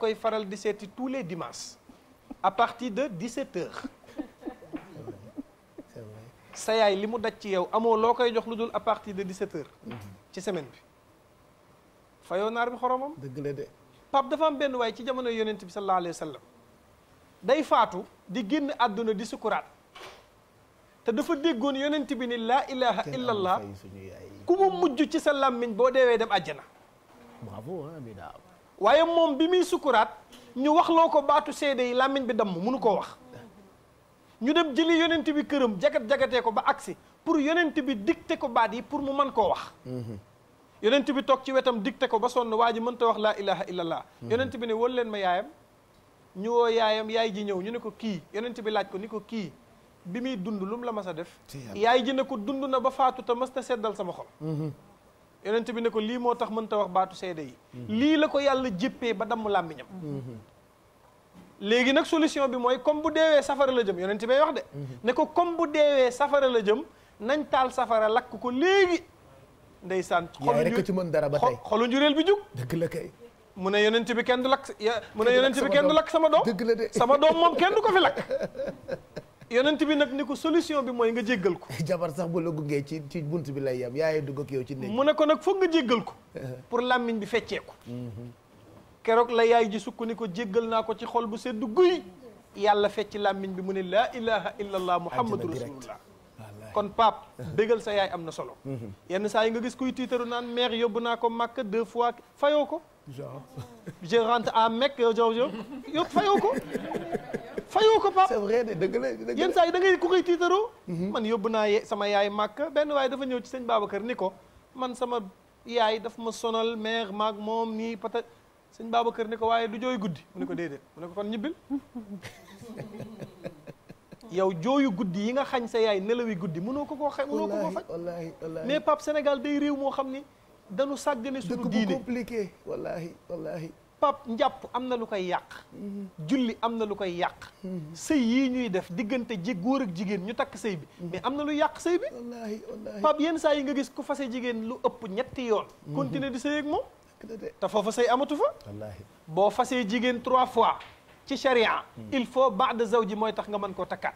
koy faral di seeti tous les dimanches à partir de 17 heures sa yaay li mu daj ci yow amoo loo koy jox lu dul à partir de 17 heures mm-hmm. ci semaine bi fayoo naar bi xoromam dëgg la de dafa am benn waay ci jamono yonent bi sallallahu alayhi wa day faatu di génn àdduna di sukuraat te dafa déggoon yonent bi ni laa ilaha illa allah ku mu mujj ci sa làmmiñ boo deewee dem àjjana bravo waaye moom bi muy sukkuraat ñu waxloo ko baatu seede yi làmmiñ bi damm mënu koo wax ñu dem jëli yonent bi këram jagat-jagatee ko ba agsi pour yonent bi te ko baat yi pour mu mën koo wax mhm. yonent bi toog ci wetam dicté ko ba sonn waa ji mënta wax laa ilaha illallah mhm. yonent bi ne wal leen ma yaayam ñu woo yaayam yaay ji ñëw ñu ne ko kii yonent bi laaj ko ni ko kii bi muy dund lu mu la mas a def yaay ji ne ko dund na ba faatu te mas na seddal sama xol mhm. yonent bi ne ko lii moo tax mënta wax baatu seede yi lii la ko yàlla jéppee ba damm làmmiñam léegi nag solution bi mooy comme bu deewee safara la jëm yonent bay wax de ne ko comme bu deewee safara la jëm nañ taal safara lakk ko léegi ndeysaan xolu rek ci mën dara ba tey xolu njureel bi jug dëgg la kay mu ne yonent bi kenn du lakk mu ne yonent bi kenn lakk sama doom dëgg sama doom moom kenn du ko fi lakk yonent bi nag ni ko solution bi mooy nga jéggal ko jabar sax bu la gungee ci ci bunt bi lay yam yaaye dugg ak yow ci néeg mu ne ko nag foog nga jéggal ko uh-huh. pour làmmiñ bi feccee ko mm-hmm. keroog la yaay ji sukk ni ko jéggal naa ko ci xol bu seddu guy yàlla fecc làmmiñ bi mu ne laa ilaha illa allah muhammadu rasulullah kon pap bégal sa yaay am na solo mm-hmm. yenn saa yi nga gis kuy tiitaru naan mère yóbbu naa ko màkk deux fois fayoo ko je rentre à Mecque yow yow yow fayoo fayoo ko pap c'est vrai de dëgg la dëgg la yenn saa yi da ngay koy tiitaroo mhm. man yóbbu naa sama yaay màkk benn waaye dafa ñëw ci seen sëñ kër ni ko man sama yaay daf ma sonal mère maag moom nii peut-être sëñ kër ni ko waaye du jooy guddi mu ne ko déedéet mu ne ko kon ñibbil yow jooyu guddi yi nga xañ sa yaay nelawi guddi mënoo ko koo xañ mënoo ko koo mais Pape Sénégal day réew moo xam ni danu sàggane suñu diine dëkk bu compliqué wallaahi pap njàpp am na lu koy yàq julli am na lu koy yàq sëy yi ñuy def diggante ji góor ak jigéen ñu takk sëy bi mais am na lu yàq sëy bi pap yenn saa yi nga gis ku fase jigéen lu ëpp ñetti yoon continuer di sëy ak moom te foofa sëy amatu fa boo fasee jigéen trois fois ci charia hmm. il faut baada zawji mooy tax nga mën koo takkaat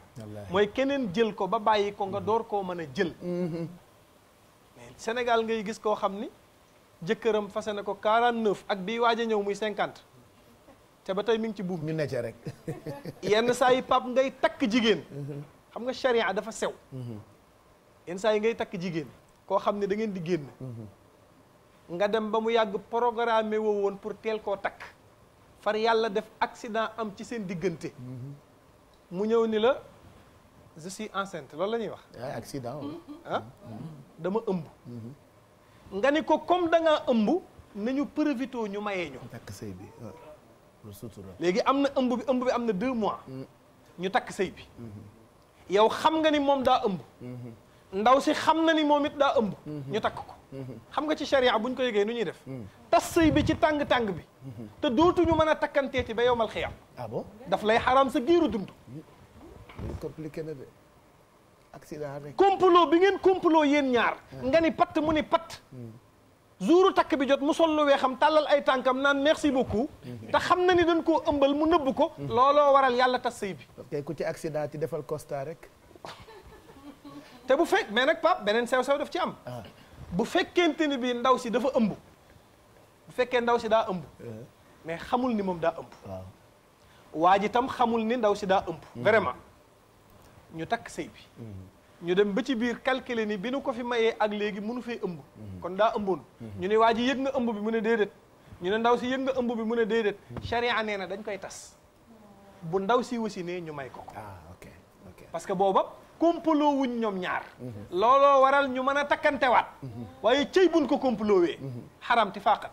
mooy keneen jël ko ba bàyyi ko nga hmm. door koo mën a jël hmm. mais ngay gis koo xam ni jëkkëram fase na ko 49 ak bii waaja ñëw muy cinquante te ba tey mi ngi ci buum. ñu ne rek. yenn saa yi pap ngay takk jigéen. xam nga charia dafa sew. yenn saa yi ngay takk jigéen. koo xam ne da ngeen di génn. nga dem ba mu yàgg programme woo woon pour teel koo takk. far yàlla def accident am ci seen diggante. mu ñëw ni la je suis enceinte loolu la ñuy wax. Ah, accident ah, dama ëmb. Mm-hmm. nga ni ko comme da ngaa ëmb nañu profité ñu mayee ñu. takk sëy bi léegi am na ëmb bi ëmb bi am na deux mois. Mm. ñu takk sëy bi. Mm-hmm. yow xam nga ni moom daa ëmb. Mm-hmm. ndaw si xam na ni moom it daa ëmb. Mm-hmm. ñu takk ko. xam nga ci charia buñ ko yëgee nu ñuy def. Mm. tas sëy bi ci tàng tàng bi. te dootu ñu mën a takkanteeti ba yow mal xiyam. ah bon daf lay xaraam sa giiru dund. Mm. accident rek complot bi ngeen complot yéen ñaar. Hmm. nga ni patt mu ni patt. Hmm. jouru takk bi jot mu sol lu weexam tàllal ay tànkam naan merci beaucoup. Hmm. te xam na ni dañ koo ëmbal mu nëbb ko. looloo waral yàlla tas sëy bi. parce que ku ci accident ci defal constat rek. te bu fekk mais nag Pape beneen sew sew daf ci am. Ah. bu fekkente ni bi ndaw si dafa ëmb. bu fekkee ndaw si daa ëmb. Eh. mais xamul ni moom daa ëmb. waa tam xamul ni ndaw si daa ëmb. vraiment. ñu takk sëy bi ñu dem ba ci biir calculer ni bi nu ko fi mayee ak léegi mënu fee ëmb kon daa ëmboon ñu ne waa ji yëg nga ëmb bi mun ne déedéet ñu ne ndaw si yëg nga ëmb bi mu a déedéet charia nee na dañ koy tas bu ndaw si wasi ne ñu may ko ko ah, parce que booba complot wuñ ñoom ñaar looloo waral ñu mën a takkantewaat waaye cëy buñ ko comploowee xaram ti faaqan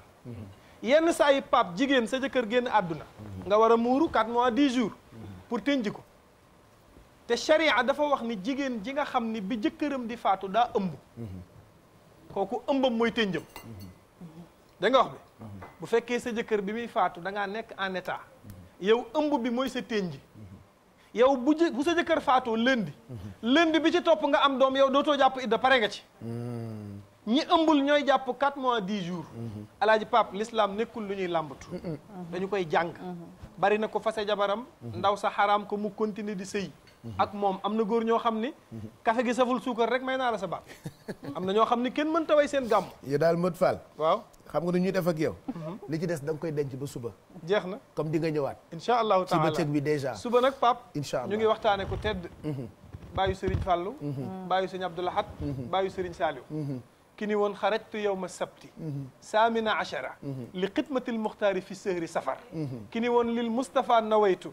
yenn saa yi pap jigéen sa jëkkër génn àdduna nga war a muuru 4 mois 10 jours pour tënji ko te sharia dafa wax ni jigéen ji nga xam ni bi jëkkëram di faatu daa ëmb kooku ëmbam mooy tënjëm da wax bi bu fekkee sa jëkkër bi muy faatu da nekk en état yow ëmb bi mooy sa tënj yow bu jë bu sa jëkkër faatoo lëndi lëndi bi ci topp nga am doom yow dootoo jàpp idda pare nga ci ñi ëmbul ñooy jàpp 4 mois di jours mm-hmm. alaaji pap l'islam nekkul lu ñuy làmbatu dañu koy jàng mm-hmm. bari na ko fase jabaram ndaw sa xaraam ko mu continuer di sëy ak moom am na góor ñoo xam ni kafe gi saful suukar rek may naa la sa baat am na ñoo xam ni kenn mënta way seen gàmm yow daal mot faal waaw xam nga nu ñuy def ak yow mhm. li ci des da koy denc ba suba jeex na comme di nga ñëwaat incha allahu taala ci bëccëg bi déjà suba nag pap incha allah ñu ngi waxtaane ko tedd mhm. bàyyu Serigne Fallou mhm. bàyyu Serigne Abdoulahat bàyyu Serigne Saliou ki ni woon xarajtu yawma sabti saamina achara li xidmatil muxtaari fi sëhri safar ki ni woon lil moustapha nawaytu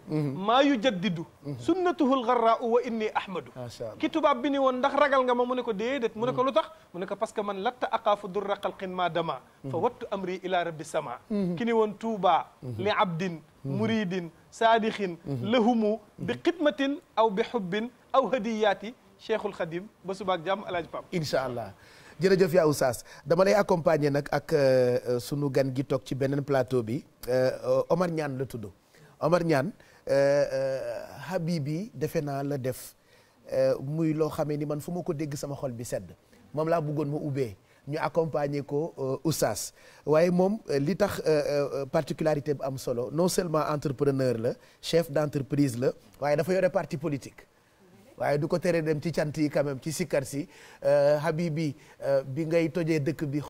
maa yu jaddidu sunnatuhul garraau wa inni ahmadu ki tubaab bi ni woon ndax ragal nga ma mu ne ko déedéet mu ne ko lu tax mu ne ko parce que man latta aqaafu durra xalqin ma dama fa wattu amri ila rabbi sama ki ni woon tuuba li abdin muridin saadixin lahumu bi xidmatin aw bi xubbin aw hadiyaati cheikhul xadim ba subaak jàmm alaaj pam incha allah jërëjëf yaa Oustaz dama lay accompagner nag ak euh, euh, sunu gan gi toog ci beneen plateau bi euh, Omar Niane la tudd Omar Niane Habibi defe naa la def muy loo xamee ni man fu ma ko dégg sama xol bi sedd moom laa bëggoon ma ubbee ñu accompagner ko Oustaz waaye moom li tax particularité bu am solo non seulement entrepreneur la chef d'entreprise la waaye dafa yore parti politique. waaye du ko tere dem ci cant yi quand même ci sikkar si euh, Habibi euh, bi ngay tojee dëkk bi